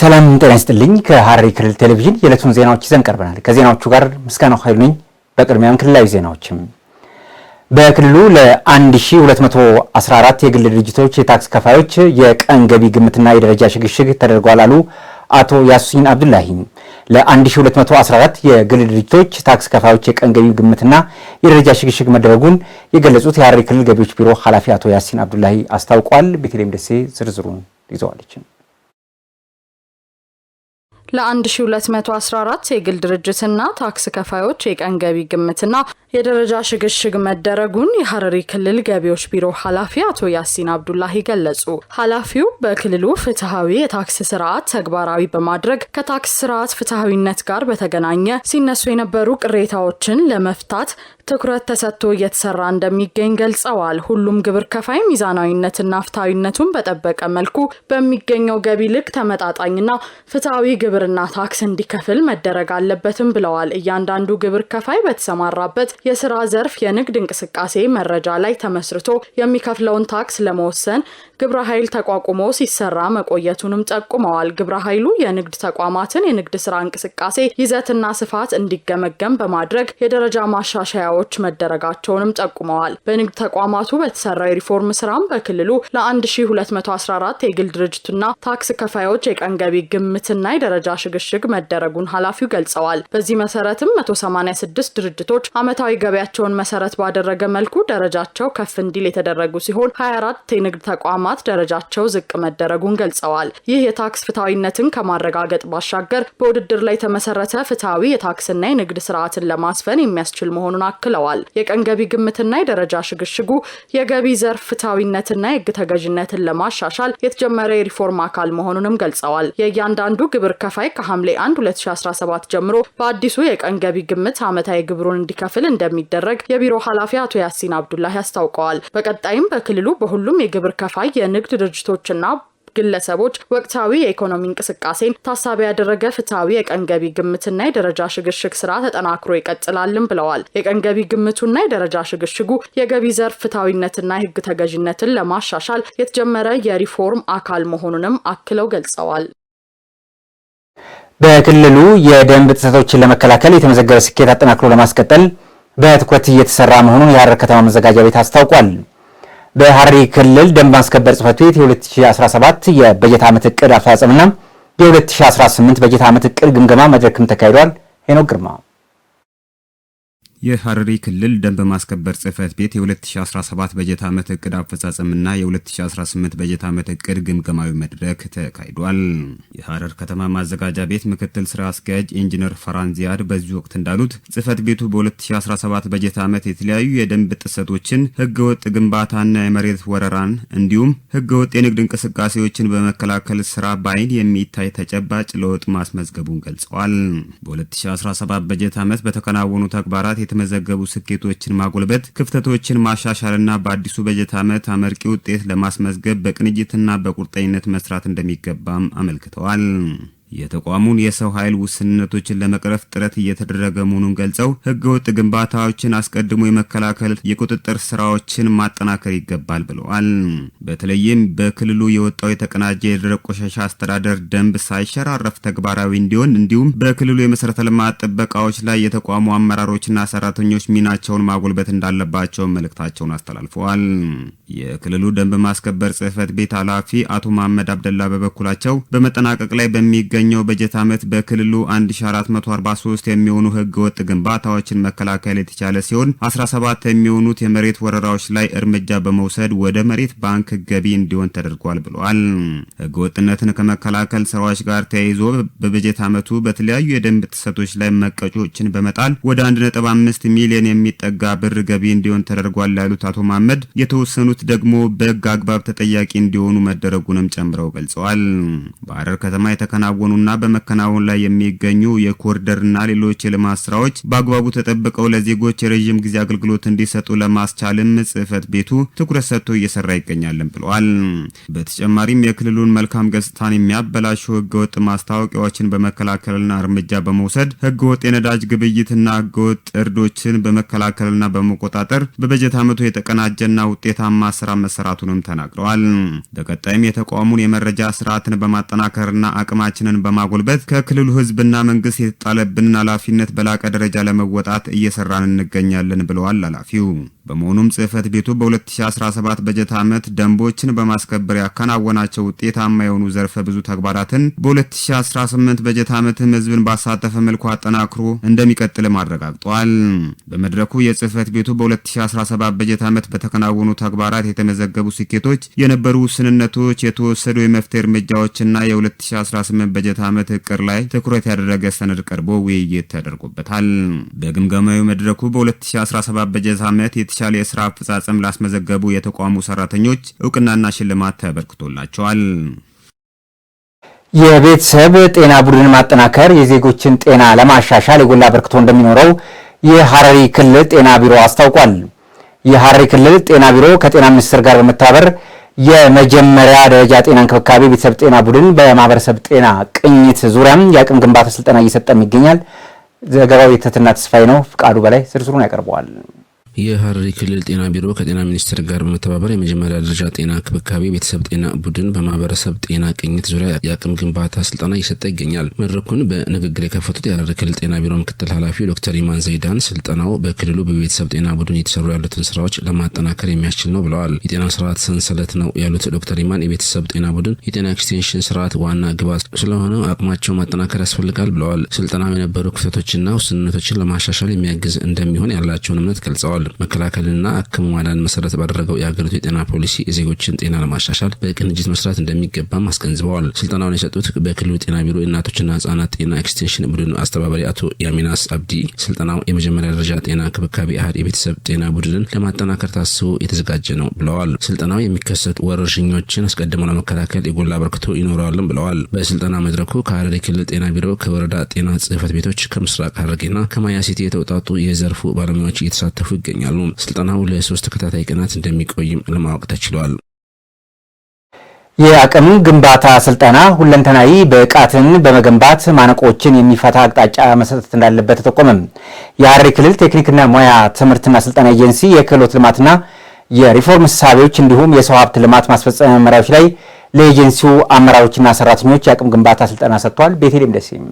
ሰላም ጤና ይስጥልኝ። ከሐረሪ ክልል ቴሌቪዥን የዕለቱን ዜናዎች ይዘን ቀርበናል። ከዜናዎቹ ጋር ምስጋናው ኃይሉ ነኝ። በቅድሚያም ክልላዊ ዜናዎችም በክልሉ ለ1214 የግል ድርጅቶች የታክስ ከፋዮች የቀን ገቢ ግምትና የደረጃ ሽግሽግ ተደርጓል አሉ አቶ ያሲን አብዱላሂ። ለ1214 የግል ድርጅቶች ታክስ ከፋዮች የቀን ገቢ ግምትና የደረጃ ሽግሽግ መደረጉን የገለጹት የሐረሪ ክልል ገቢዎች ቢሮ ኃላፊ አቶ ያሲን አብዱላሂ አስታውቋል። ቤተልሔም ደሴ ዝርዝሩን ይዘዋለችን። ለ1214 የግል ድርጅትና ታክስ ከፋዮች የቀን ገቢ ግምትና የደረጃ ሽግሽግ መደረጉን የሐረሪ ክልል ገቢዎች ቢሮ ኃላፊ አቶ ያሲን አብዱላሂ ገለጹ። ኃላፊው በክልሉ ፍትሐዊ የታክስ ስርዓት ተግባራዊ በማድረግ ከታክስ ስርዓት ፍትሐዊነት ጋር በተገናኘ ሲነሱ የነበሩ ቅሬታዎችን ለመፍታት ትኩረት ተሰጥቶ እየተሰራ እንደሚገኝ ገልጸዋል። ሁሉም ግብር ከፋይ ሚዛናዊነትና ፍትሐዊነቱን በጠበቀ መልኩ በሚገኘው ገቢ ልክ ተመጣጣኝና ፍትሐዊ ግብር ግብርና ታክስ እንዲከፍል መደረግ አለበትም ብለዋል። እያንዳንዱ ግብር ከፋይ በተሰማራበት የስራ ዘርፍ የንግድ እንቅስቃሴ መረጃ ላይ ተመስርቶ የሚከፍለውን ታክስ ለመወሰን ግብረ ኃይል ተቋቁሞ ሲሰራ መቆየቱንም ጠቁመዋል። ግብረ ኃይሉ የንግድ ተቋማትን የንግድ ስራ እንቅስቃሴ ይዘትና ስፋት እንዲገመገም በማድረግ የደረጃ ማሻሻያዎች መደረጋቸውንም ጠቁመዋል። በንግድ ተቋማቱ በተሰራው የሪፎርም ስራም በክልሉ ለ1214 የግል ድርጅትና ታክስ ከፋዮች የቀን ገቢ ግምትና የደረጃ ሽግሽግ መደረጉን ኃላፊው ገልጸዋል። በዚህ መሰረትም 186 ድርጅቶች ዓመታዊ ገቢያቸውን መሰረት ባደረገ መልኩ ደረጃቸው ከፍ እንዲል የተደረጉ ሲሆን 24 የንግድ ተቋማት ተቋማት ደረጃቸው ዝቅ መደረጉን ገልጸዋል። ይህ የታክስ ፍትሐዊነትን ከማረጋገጥ ባሻገር በውድድር ላይ የተመሰረተ ፍትሐዊ የታክስና የንግድ ስርዓትን ለማስፈን የሚያስችል መሆኑን አክለዋል። የቀን ገቢ ግምትና የደረጃ ሽግሽጉ የገቢ ዘርፍ ፍትሐዊነትና የሕግ ተገዥነትን ለማሻሻል የተጀመረ የሪፎርም አካል መሆኑንም ገልጸዋል። የእያንዳንዱ ግብር ከፋይ ከሐምሌ 1 2017 ጀምሮ በአዲሱ የቀን ገቢ ግምት ዓመታዊ ግብሩን እንዲከፍል እንደሚደረግ የቢሮ ኃላፊ አቶ ያሲን አብዱላህ አስታውቀዋል። በቀጣይም በክልሉ በሁሉም የግብር ከፋይ የንግድ ድርጅቶችና ግለሰቦች ወቅታዊ የኢኮኖሚ እንቅስቃሴን ታሳቢ ያደረገ ፍትሐዊ የቀን ገቢ ግምትና የደረጃ ሽግሽግ ስራ ተጠናክሮ ይቀጥላልም ብለዋል። የቀን ገቢ ግምቱና የደረጃ ሽግሽጉ የገቢ ዘርፍ ፍትሐዊነትና የህግ ተገዥነትን ለማሻሻል የተጀመረ የሪፎርም አካል መሆኑንም አክለው ገልጸዋል። በክልሉ የደንብ ጥሰቶችን ለመከላከል የተመዘገበ ስኬት አጠናክሮ ለማስቀጠል በትኩረት እየተሰራ መሆኑን የሐረር ከተማ መዘጋጃ ቤት አስታውቋል። በሐረሪ ክልል ደንብ ማስከበር ጽፈት ቤት የ2017 የበጀት ዓመት እቅድ አፈጻጸምና የ2018 በጀት ዓመት እቅድ ግምገማ መድረክም ተካሂዷል። ሄኖክ ግርማ የሐረሪ ክልል ደንብ ማስከበር ጽህፈት ቤት የ2017 በጀት ዓመት እቅድ አፈጻጸምና የ2018 በጀት ዓመት እቅድ ግምገማዊ መድረክ ተካሂዷል። የሐረር ከተማ ማዘጋጃ ቤት ምክትል ስራ አስኪያጅ ኢንጂነር ፈራንዚያድ በዚህ ወቅት እንዳሉት ጽህፈት ቤቱ በ2017 በጀት ዓመት የተለያዩ የደንብ ጥሰቶችን፣ ህገወጥ ግንባታና የመሬት ወረራን እንዲሁም ህገወጥ የንግድ እንቅስቃሴዎችን በመከላከል ስራ በአይን የሚታይ ተጨባጭ ለውጥ ማስመዝገቡን ገልጸዋል። በ2017 በጀት ዓመት በተከናወኑ ተግባራት የተመዘገቡ ስኬቶችን ማጎልበት፣ ክፍተቶችን ማሻሻልና በአዲሱ በጀት ዓመት አመርቂ ውጤት ለማስመዝገብ በቅንጅትና በቁርጠኝነት መስራት እንደሚገባም አመልክተዋል። የተቋሙን የሰው ኃይል ውስንነቶችን ለመቅረፍ ጥረት እየተደረገ መሆኑን ገልጸው ህገወጥ ግንባታዎችን አስቀድሞ የመከላከል የቁጥጥር ስራዎችን ማጠናከር ይገባል ብለዋል። በተለይም በክልሉ የወጣው የተቀናጀ የደረቅ ቆሻሻ አስተዳደር ደንብ ሳይሸራረፍ ተግባራዊ እንዲሆን እንዲሁም በክልሉ የመሰረተ ልማት ጥበቃዎች ላይ የተቋሙ አመራሮችና ሰራተኞች ሚናቸውን ማጎልበት እንዳለባቸው መልእክታቸውን አስተላልፈዋል። የክልሉ ደንብ ማስከበር ጽህፈት ቤት ኃላፊ አቶ መሐመድ አብደላ በበኩላቸው በመጠናቀቅ ላይ በሚገ በሚገኘው በጀት ዓመት በክልሉ 1443 የሚሆኑ ወጥ ግንባታዎችን መከላከል የተቻለ ሲሆን 17 የሚሆኑት የመሬት ወረራዎች ላይ እርምጃ በመውሰድ ወደ መሬት ባንክ ገቢ እንዲሆን ተደርጓል ብለዋል። ወጥነትን ከመከላከል ስራዎች ጋር ተያይዞ በበጀት ዓመቱ በተለያዩ የደንብ ጥሰቶች ላይ መቀጮችን በመጣል ወደ 1.5 ሚሊዮን የሚጠጋ ብር ገቢ እንዲሆን ተደርጓል ያሉት አቶ መሐመድ የተወሰኑት ደግሞ በህግ አግባብ ተጠያቂ እንዲሆኑ መደረጉንም ጨምረው ገልጸዋል። በሐረር ከተማ የተከናወኑ የሆኑና በመከናወን ላይ የሚገኙ የኮሪደርና ሌሎች የልማት ስራዎች በአግባቡ ተጠብቀው ለዜጎች የረዥም ጊዜ አገልግሎት እንዲሰጡ ለማስቻልም ጽህፈት ቤቱ ትኩረት ሰጥቶ እየሰራ ይገኛልም ብለዋል። በተጨማሪም የክልሉን መልካም ገጽታን የሚያበላሹ ህገወጥ ማስታወቂያዎችን በመከላከልና እርምጃ በመውሰድ ህገወጥ የነዳጅ ግብይትና ህገወጥ እርዶችን በመከላከልና በመቆጣጠር በበጀት ዓመቱ የተቀናጀና ውጤታማ ስራ መሰራቱንም ተናግረዋል። በቀጣይም የተቋሙን የመረጃ ስርዓትን በማጠናከርና አቅማችንን አቅምን በማጎልበት ከክልሉ ህዝብና መንግስት የተጣለብንን ኃላፊነት በላቀ ደረጃ ለመወጣት እየሰራን እንገኛለን ብለዋል ኃላፊው። በመሆኑም ጽህፈት ቤቱ በ2017 በጀት ዓመት ደንቦችን በማስከበር ያከናወናቸው ውጤታማ የሆኑ ዘርፈ ብዙ ተግባራትን በ2018 በጀት ዓመትም ህዝብን ባሳተፈ መልኩ አጠናክሮ እንደሚቀጥልም አረጋግጧል። በመድረኩ የጽህፈት ቤቱ በ2017 በጀት ዓመት በተከናወኑ ተግባራት የተመዘገቡ ስኬቶች፣ የነበሩ ውስንነቶች፣ የተወሰዱ የመፍትሄ እርምጃዎችና የ2018 በጀት ዓመት እቅድ ላይ ትኩረት ያደረገ ሰነድ ቀርቦ ውይይት ተደርጎበታል። በግምገማዊ መድረኩ በ2017 በጀት ዓመት የተሻለ የስራ አፈጻጸም ላስመዘገቡ የተቋሙ ሰራተኞች እውቅናና ሽልማት ተበርክቶላቸዋል። የቤተሰብ ጤና ቡድን ማጠናከር የዜጎችን ጤና ለማሻሻል የጎላ አበርክቶ እንደሚኖረው የሐረሪ ክልል ጤና ቢሮ አስታውቋል። የሐረሪ ክልል ጤና ቢሮ ከጤና ሚኒስቴር ጋር በመተባበር የመጀመሪያ ደረጃ ጤና እንክብካቤ ቤተሰብ ጤና ቡድን በማህበረሰብ ጤና ቅኝት ዙሪያም የአቅም ግንባታ ስልጠና እየሰጠም ይገኛል። ዘገባው የተትና ተስፋዬ ነው። ፍቃዱ በላይ ዝርዝሩን ያቀርበዋል። የሐረሪ ክልል ጤና ቢሮ ከጤና ሚኒስቴር ጋር በመተባበር የመጀመሪያ ደረጃ ጤና ክብካቤ ቤተሰብ ጤና ቡድን በማህበረሰብ ጤና ቅኝት ዙሪያ የአቅም ግንባታ ስልጠና እየሰጠ ይገኛል። መድረኩን በንግግር የከፈቱት የሐረሪ ክልል ጤና ቢሮ ምክትል ኃላፊ ዶክተር ኢማን ዘይዳን ስልጠናው በክልሉ በቤተሰብ ጤና ቡድን የተሰሩ ያሉትን ስራዎች ለማጠናከር የሚያስችል ነው ብለዋል። የጤና ስርዓት ሰንሰለት ነው ያሉት ዶክተር ኢማን የቤተሰብ ጤና ቡድን የጤና ኤክስቴንሽን ስርዓት ዋና ግብዓት ስለሆነ አቅማቸው ማጠናከር ያስፈልጋል ብለዋል። ስልጠናው የነበሩ ክፍተቶችና ውስንነቶችን ለማሻሻል የሚያግዝ እንደሚሆን ያላቸውን እምነት ገልጸዋል። አልተዋልም። መከላከልና አክሞ መሰረት ባደረገው የሀገሪቱ የጤና ፖሊሲ የዜጎችን ጤና ለማሻሻል በቅንጅት መስራት እንደሚገባም አስገንዝበዋል። ስልጠናውን የሰጡት በክልሉ ጤና ቢሮ የእናቶችና ህጻናት ጤና ኤክስቴንሽን ቡድን አስተባባሪ አቶ ያሚናስ አብዲ ስልጠናው የመጀመሪያ ደረጃ ጤና ክብካቤ አህድ የቤተሰብ ጤና ቡድንን ለማጠናከር ታስቦ የተዘጋጀ ነው ብለዋል። ስልጠናው የሚከሰቱ ወረርሽኞችን አስቀድሞ ለመከላከል የጎላ አበርክቶ ይኖረዋልም ብለዋል። በስልጠና መድረኩ ከሀረሪ ክልል ጤና ቢሮ፣ ከወረዳ ጤና ጽህፈት ቤቶች፣ ከምስራቅ ሀረርጌና ከማያሴቴ የተውጣጡ የዘርፉ ባለሙያዎች እየተሳተፉ ይገኛል። ይገኛሉ። ስልጠናው ለሶስት ተከታታይ ቀናት እንደሚቆይም ለማወቅ ተችሏል። የአቅም ግንባታ ስልጠና ሁለንተናዊ ብቃትን በመገንባት ማነቆችን የሚፈታ አቅጣጫ መሰጠት እንዳለበት ተጠቆመም። የሐረሪ ክልል ቴክኒክና ሙያ ትምህርትና ስልጠና ኤጀንሲ የክህሎት ልማትና የሪፎርም ሳቢዎች እንዲሁም የሰው ሀብት ልማት ማስፈጸሚያ መመሪያዎች ላይ ለኤጀንሲው አመራሮችና ሰራተኞች የአቅም ግንባታ ስልጠና ሰጥቷል። ቤቴሌም ደሴም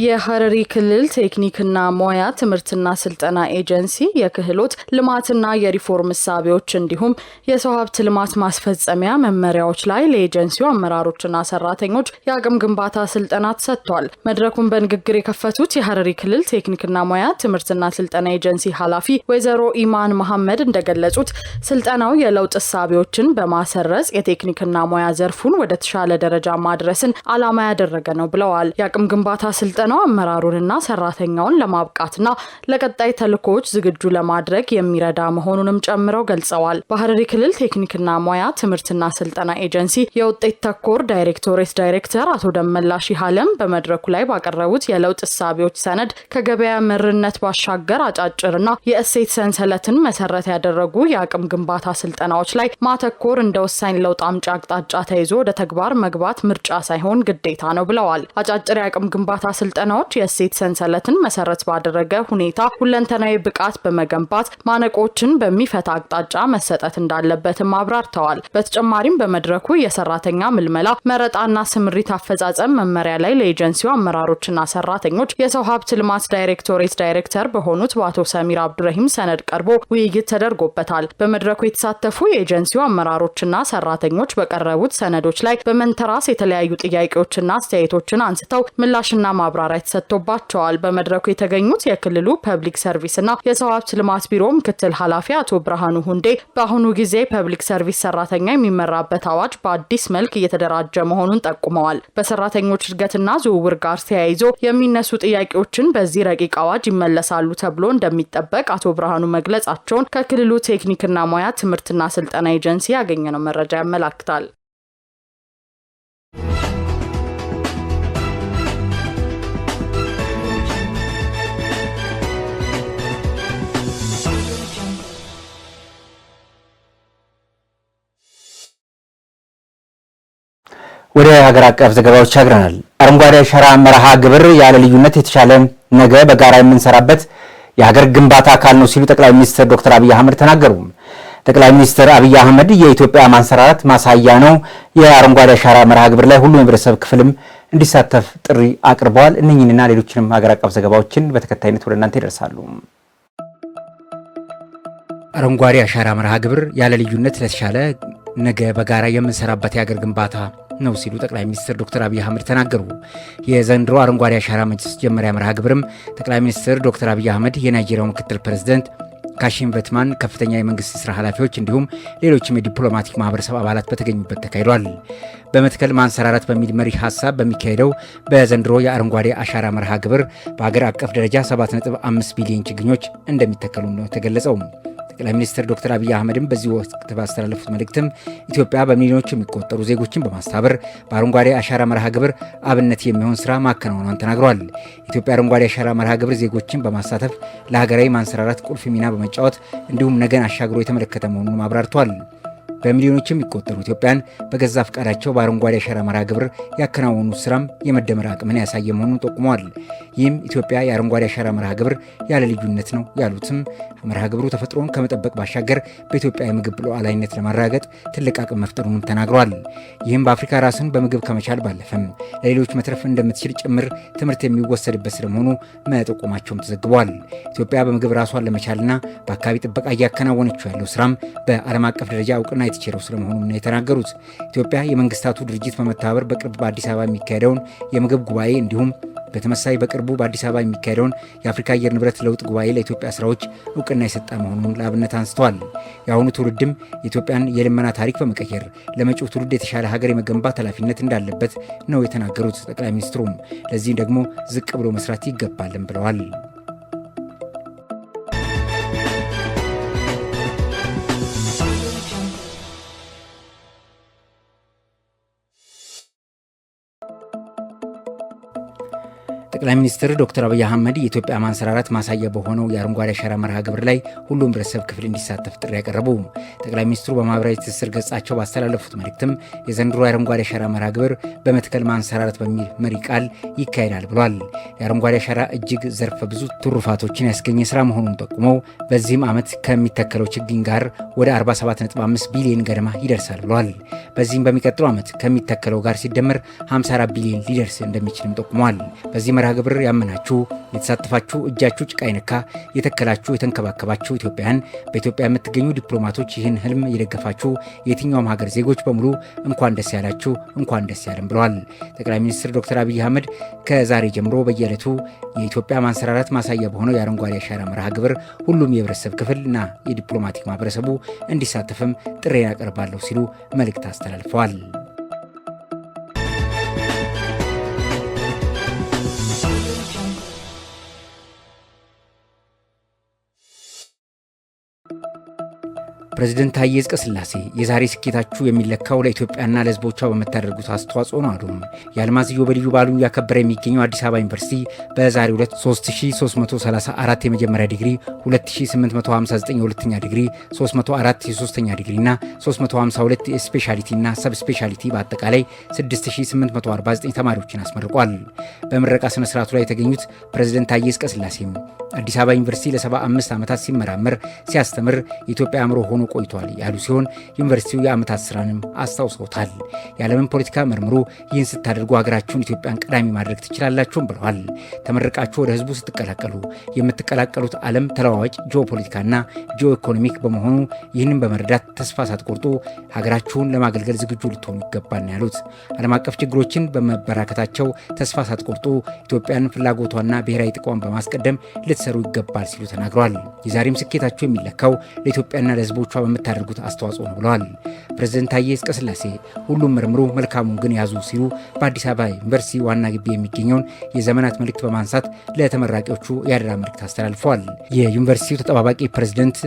የሐረሪ ክልል ቴክኒክና ሙያ ትምህርትና ስልጠና ኤጀንሲ የክህሎት ልማትና የሪፎርም እሳቤዎች እንዲሁም የሰው ሀብት ልማት ማስፈጸሚያ መመሪያዎች ላይ ለኤጀንሲው አመራሮችና ሰራተኞች የአቅም ግንባታ ስልጠና ተሰጥቷል። መድረኩን በንግግር የከፈቱት የሐረሪ ክልል ቴክኒክና ሙያ ትምህርትና ስልጠና ኤጀንሲ ኃላፊ ወይዘሮ ኢማን መሐመድ እንደገለጹት ስልጠናው የለውጥ እሳቤዎችን በማሰረጽ የቴክኒክና ሙያ ዘርፉን ወደ ተሻለ ደረጃ ማድረስን ዓላማ ያደረገ ነው ብለዋል። የአቅም ግንባታ ስልጠ ስልጠናው አመራሩንና ሰራተኛውን ለማብቃትና ለቀጣይ ተልኮዎች ዝግጁ ለማድረግ የሚረዳ መሆኑንም ጨምረው ገልጸዋል። ሐረሪ ክልል ቴክኒክና ሙያ ትምህርትና ስልጠና ኤጀንሲ የውጤት ተኮር ዳይሬክቶሬት ዳይሬክተር አቶ ደመላሽ ሀለም በመድረኩ ላይ ባቀረቡት የለውጥ እሳቢዎች ሰነድ ከገበያ መርነት ባሻገር አጫጭርና የእሴት ሰንሰለትን መሰረት ያደረጉ የአቅም ግንባታ ስልጠናዎች ላይ ማተኮር እንደ ወሳኝ ለውጥ አምጪ አቅጣጫ ተይዞ ወደ ተግባር መግባት ምርጫ ሳይሆን ግዴታ ነው ብለዋል። አጫጭር የአቅም ግንባታ ስልጠናዎች የእሴት ሰንሰለትን መሰረት ባደረገ ሁኔታ ሁለንተናዊ ብቃት በመገንባት ማነቆችን በሚፈታ አቅጣጫ መሰጠት እንዳለበትም አብራርተዋል። በተጨማሪም በመድረኩ የሰራተኛ ምልመላ መረጣና ስምሪት አፈጻጸም መመሪያ ላይ ለኤጀንሲው አመራሮችና ሰራተኞች የሰው ሀብት ልማት ዳይሬክቶሬት ዳይሬክተር በሆኑት በአቶ ሰሚር አብዱረሂም ሰነድ ቀርቦ ውይይት ተደርጎበታል። በመድረኩ የተሳተፉ የኤጀንሲው አመራሮችና ሰራተኞች በቀረቡት ሰነዶች ላይ በመንተራስ የተለያዩ ጥያቄዎችና አስተያየቶችን አንስተው ምላሽና ማብራ ማብራሪያ ተሰጥቶባቸዋል። በመድረኩ የተገኙት የክልሉ ፐብሊክ ሰርቪስና የሰው ሀብት ልማት ቢሮ ምክትል ኃላፊ አቶ ብርሃኑ ሁንዴ በአሁኑ ጊዜ ፐብሊክ ሰርቪስ ሰራተኛ የሚመራበት አዋጅ በአዲስ መልክ እየተደራጀ መሆኑን ጠቁመዋል። በሰራተኞች እድገትና ዝውውር ጋር ተያይዞ የሚነሱ ጥያቄዎችን በዚህ ረቂቅ አዋጅ ይመለሳሉ ተብሎ እንደሚጠበቅ አቶ ብርሃኑ መግለጻቸውን ከክልሉ ቴክኒክና ሙያ ትምህርትና ስልጠና ኤጀንሲ ያገኘነው መረጃ ያመላክታል። ወደ ሀገር አቀፍ ዘገባዎች ያግረናል አረንጓዴ አሻራ መርሃ ግብር ያለ ልዩነት የተሻለ ነገ በጋራ የምንሰራበት የሀገር ግንባታ አካል ነው ሲሉ ጠቅላይ ሚኒስትር ዶክተር አብይ አህመድ ተናገሩ። ጠቅላይ ሚኒስትር አብይ አህመድ የኢትዮጵያ ማንሰራራት ማሳያ ነው፣ የአረንጓዴ አሻራ መርሃ ግብር ላይ ሁሉ የህብረተሰብ ክፍልም እንዲሳተፍ ጥሪ አቅርበዋል። እነኝንና ሌሎችንም ሀገር አቀፍ ዘገባዎችን በተከታይነት ወደ እናንተ ይደርሳሉ። አረንጓዴ አሻራ መርሃ ግብር ያለ ልዩነት ለተሻለ ነገ በጋራ የምንሰራበት የሀገር ግንባታ ነው ሲሉ ጠቅላይ ሚኒስትር ዶክተር አብይ አህመድ ተናገሩ። የዘንድሮ አረንጓዴ አሻራ ማስጀመሪያ መርሃ ግብርም ጠቅላይ ሚኒስትር ዶክተር አብይ አህመድ፣ የናይጄሪያው ምክትል ፕሬዝደንት ካሺም በትማን ከፍተኛ የመንግስት ስራ ኃላፊዎች እንዲሁም ሌሎችም የዲፕሎማቲክ ማህበረሰብ አባላት በተገኙበት ተካሂዷል። በመትከል ማንሰራራት በሚል መሪ ሀሳብ በሚካሄደው በዘንድሮ የአረንጓዴ አሻራ መርሃ ግብር በአገር አቀፍ ደረጃ 7.5 ቢሊዮን ችግኞች እንደሚተከሉ ነው የተገለጸው። ጠቅላይ ሚኒስትር ዶክተር አብይ አህመድም በዚህ ወቅት ባስተላለፉት መልእክትም ኢትዮጵያ በሚሊዮኖች የሚቆጠሩ ዜጎችን በማስታበር በአረንጓዴ አሻራ መርሃ ግብር አብነት የሚሆን ስራ ማከናወኗን ተናግረዋል። ኢትዮጵያ አረንጓዴ አሻራ መርሃ ግብር ዜጎችን በማሳተፍ ለሀገራዊ ማንሰራራት ቁልፍ ሚና በመጫወት እንዲሁም ነገን አሻግሮ የተመለከተ መሆኑንም አብራርቷል። በሚሊዮኖች የሚቆጠሩ ኢትዮጵያን በገዛ ፈቃዳቸው በአረንጓዴ አሻራ መርሃ ግብር ያከናወኑት ስራም የመደመር አቅምን ያሳየ መሆኑን ጠቁመዋል። ይህም ኢትዮጵያ የአረንጓዴ አሻራ መርሃ ግብር ያለ ልዩነት ነው ያሉትም መርሃ ግብሩ ተፈጥሮን ከመጠበቅ ባሻገር በኢትዮጵያ የምግብ ሉዓላዊነት ለማረጋገጥ ትልቅ አቅም መፍጠሩንም ተናግረዋል። ይህም በአፍሪካ ራስን በምግብ ከመቻል ባለፈም ለሌሎች መትረፍ እንደምትችል ጭምር ትምህርት የሚወሰድበት ስለመሆኑ መጠቆማቸውም ተዘግበዋል። ኢትዮጵያ በምግብ ራሷን ለመቻልና በአካባቢ ጥበቃ እያከናወነችው ያለው ስራም በዓለም አቀፍ ደረጃ እውቅና የማይችለው ስለመሆኑም ነው የተናገሩት። ኢትዮጵያ የመንግስታቱ ድርጅት በመተባበር በቅርብ በአዲስ አበባ የሚካሄደውን የምግብ ጉባኤ እንዲሁም በተመሳይ በቅርቡ በአዲስ አበባ የሚካሄደውን የአፍሪካ አየር ንብረት ለውጥ ጉባኤ ለኢትዮጵያ ስራዎች እውቅና የሰጠ መሆኑን ለአብነት አንስተዋል። የአሁኑ ትውልድም የኢትዮጵያን የልመና ታሪክ በመቀየር ለመጪው ትውልድ የተሻለ ሀገር የመገንባት ኃላፊነት እንዳለበት ነው የተናገሩት ጠቅላይ ሚኒስትሩም ለዚህ ደግሞ ዝቅ ብሎ መስራት ይገባልን ብለዋል። ጠቅላይ ሚኒስትር ዶክተር አብይ አህመድ የኢትዮጵያ ማንሰራራት ማሳያ በሆነው የአረንጓዴ አሻራ መርሃ ግብር ላይ ሁሉም ህብረተሰብ ክፍል እንዲሳተፍ ጥሪ ያቀረቡ ጠቅላይ ሚኒስትሩ በማህበራዊ ትስስር ገጻቸው ባስተላለፉት መልእክትም የዘንድሮ የአረንጓዴ አሻራ መርሃ ግብር በመትከል ማንሰራራት በሚል መሪ ቃል ይካሄዳል ብሏል። የአረንጓዴ አሻራ እጅግ ዘርፈ ብዙ ትሩፋቶችን ያስገኘ ስራ መሆኑን ጠቁመው በዚህም ዓመት ከሚተከለው ችግኝ ጋር ወደ 475 ቢሊዮን ገደማ ይደርሳል ብሏል። በዚህም በሚቀጥለው ዓመት ከሚተከለው ጋር ሲደመር 54 ቢሊዮን ሊደርስ እንደሚችልም ጠቁመዋል። በዚህ መርሃ ግብር ያመናችሁ፣ የተሳተፋችሁ፣ እጃችሁ ጭቃ የነካ የተከላችሁ፣ የተንከባከባችሁ ኢትዮጵያን በኢትዮጵያ የምትገኙ ዲፕሎማቶች፣ ይህን ህልም የደገፋችሁ የትኛውም ሀገር ዜጎች በሙሉ እንኳን ደስ ያላችሁ፣ እንኳን ደስ ያለን ብለዋል። ጠቅላይ ሚኒስትር ዶክተር አብይ አህመድ ከዛሬ ጀምሮ በየዕለቱ የኢትዮጵያ ማንሰራራት ማሳያ በሆነው የአረንጓዴ አሻራ መርሃ ግብር ሁሉም የህብረተሰብ ክፍል እና የዲፕሎማቲክ ማህበረሰቡ እንዲሳተፍም ጥሬን ያቀርባለሁ ሲሉ መልእክት hasta el alfoal. ፕሬዚደንት ታዬ አጽቀሥላሴ የዛሬ ስኬታችሁ የሚለካው ለኢትዮጵያና ለሕዝቦቿ በምታደርጉት አስተዋጽኦ ነው አሉም። የአልማዝ ኢዮቤልዩ በዓሉን እያከበረ የሚገኘው አዲስ አበባ ዩኒቨርሲቲ በዛሬ ዕለት 3334 የመጀመሪያ ዲግሪ፣ 2859 የሁለተኛ ዲግሪ፣ 304 የሶስተኛ ዲግሪ እና 352 የስፔሻሊቲ እና ሰብስፔሻሊቲ በአጠቃላይ 6849 ተማሪዎችን አስመርቋል። በምረቃ ስነ ስርዓቱ ላይ የተገኙት ፕሬዚደንት ታዬ አጽቀሥላሴም አዲስ አበባ ዩኒቨርሲቲ ለ75 ዓመታት ሲመራመር ሲያስተምር የኢትዮጵያ አእምሮ ሆኖ ቆይቷል ያሉ ሲሆን ዩኒቨርሲቲው የዓመታት ስራንም አስታውሰውታል። የዓለምን ፖለቲካ መርምሮ ይህን ስታደርጉ ሀገራችሁን ኢትዮጵያን ቀዳሚ ማድረግ ትችላላችሁም ብለዋል። ተመርቃችሁ ወደ ህዝቡ ስትቀላቀሉ የምትቀላቀሉት ዓለም ተለዋዋጭ ጂኦፖለቲካና ጂኦ ኢኮኖሚክ በመሆኑ ይህንን በመረዳት ተስፋ ሳትቆርጡ ሀገራችሁን ለማገልገል ዝግጁ ልትሆኑ ይገባል ነው ያሉት። ዓለም አቀፍ ችግሮችን በመበራከታቸው ተስፋ ሳትቆርጡ ኢትዮጵያን ፍላጎቷና ብሔራዊ ጥቅሟን በማስቀደም ልትሰሩ ይገባል ሲሉ ተናግረዋል። የዛሬም ስኬታቸው የሚለካው ለኢትዮጵያና ለህዝቦቿ በምታደርጉት አስተዋጽኦ ነው ብለዋል። ፕሬዝደንት ታዬ አጽቀሥላሴ ሁሉም መርምሮ መልካሙን ግን ያዙ ሲሉ በአዲስ አበባ ዩኒቨርሲቲ ዋና ግቢ የሚገኘውን የዘመናት መልእክት በማንሳት ለተመራቂዎቹ የአደራ መልእክት አስተላልፈዋል። የዩኒቨርሲቲው ተጠባባቂ ፕሬዝደንት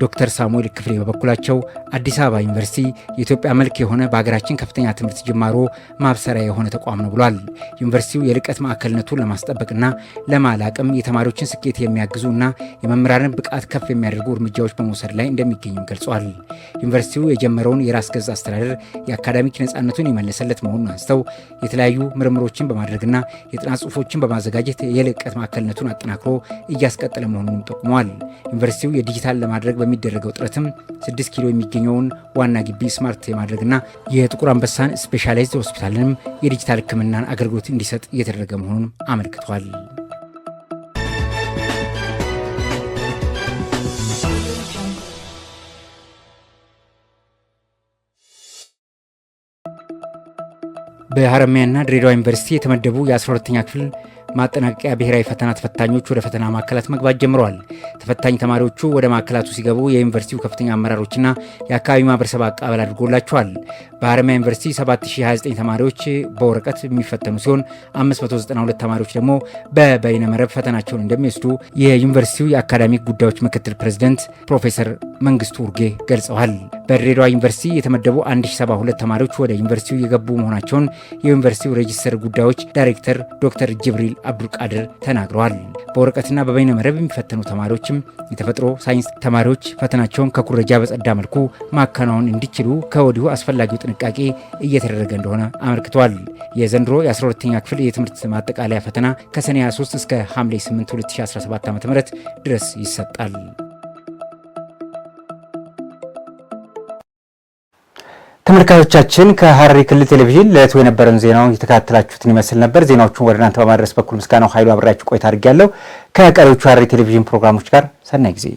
ዶክተር ሳሙኤል ክፍሌ በበኩላቸው አዲስ አበባ ዩኒቨርሲቲ የኢትዮጵያ መልክ የሆነ በሀገራችን ከፍተኛ ትምህርት ጅማሮ ማብሰሪያ የሆነ ተቋም ነው ብሏል። ዩኒቨርሲቲው የልቀት ማዕከልነቱን ለማስጠበቅና ለማላቅም የተማሪዎችን ስኬት የሚያግዙ እና የመምህራንን ብቃት ከፍ የሚያደርጉ እርምጃዎች በመውሰድ ላይ እንደሚገኝም ገልጿል። ዩኒቨርሲቲው የጀመረውን የራስ ገዝ አስተዳደር የአካዳሚክ ነፃነቱን የመለሰለት መሆኑን አንስተው የተለያዩ ምርምሮችን በማድረግና የጥናት ጽሑፎችን በማዘጋጀት የልቀት ማዕከልነቱን አጠናክሮ እያስቀጠለ መሆኑንም ጠቁመዋል። ዩኒቨርሲቲው የዲጂታል ለማድረግ በሚደረገው ጥረትም 6 ኪሎ የሚገኘውን ዋና ግቢ ስማርት የማድረግና የጥቁር አንበሳን ስፔሻላይዝድ ሆስፒታልንም የዲጂታል ሕክምናን አገልግሎት እንዲሰጥ እየተደረገ መሆኑን አመልክቷል። በሀረማያና ድሬዳዋ ዩኒቨርሲቲ የተመደቡ የ12ኛ ክፍል ማጠናቀቂያ ብሔራዊ ፈተና ተፈታኞች ወደ ፈተና ማዕከላት መግባት ጀምረዋል። ተፈታኝ ተማሪዎቹ ወደ ማዕከላቱ ሲገቡ የዩኒቨርሲቲው ከፍተኛ አመራሮችና የአካባቢ ማህበረሰብ አቀባበል አድርጎላቸዋል። በሀረማያ ዩኒቨርሲቲ 7029 ተማሪዎች በወረቀት የሚፈተኑ ሲሆን 592 ተማሪዎች ደግሞ በበይነመረብ ፈተናቸውን እንደሚወስዱ የዩኒቨርሲቲው የአካዳሚክ ጉዳዮች ምክትል ፕሬዚደንት ፕሮፌሰር መንግስቱ ውርጌ ገልጸዋል። በድሬዳዋ ዩኒቨርሲቲ የተመደቡ 1072 ተማሪዎች ወደ ዩኒቨርሲቲው የገቡ መሆናቸውን የዩኒቨርሲቲው ሬጅስተር ጉዳዮች ዳይሬክተር ዶክተር ጅብሪል አብዱልቃድር ተናግረዋል። በወረቀትና በበይነ መረብ የሚፈተኑ ተማሪዎችም የተፈጥሮ ሳይንስ ተማሪዎች ፈተናቸውን ከኩረጃ በጸዳ መልኩ ማከናወን እንዲችሉ ከወዲሁ አስፈላጊው ጥንቃቄ እየተደረገ እንደሆነ አመልክቷል። የዘንድሮ የ12ኛ ክፍል የትምህርት ማጠቃለያ ፈተና ከሰኔ 23 እስከ ሐምሌ 8 2017 ዓ.ም ድረስ ይሰጣል። ተመልካቾቻችን ከሐረሪ ክልል ቴሌቪዥን ለዕለቱ የነበረን ዜናው የተከታተላችሁትን ይመስል ነበር። ዜናዎቹን ወደ እናንተ በማድረስ በኩል ምስጋናው ኃይሉ አብሬያችሁ ቆይታ አድርጌያለሁ። ከቀሪዎቹ ሐረሪ ቴሌቪዥን ፕሮግራሞች ጋር ሰናይ ጊዜ